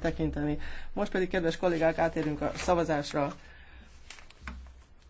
tekinteni. Most pedig, kedves kollégák, átérünk a szavazásra.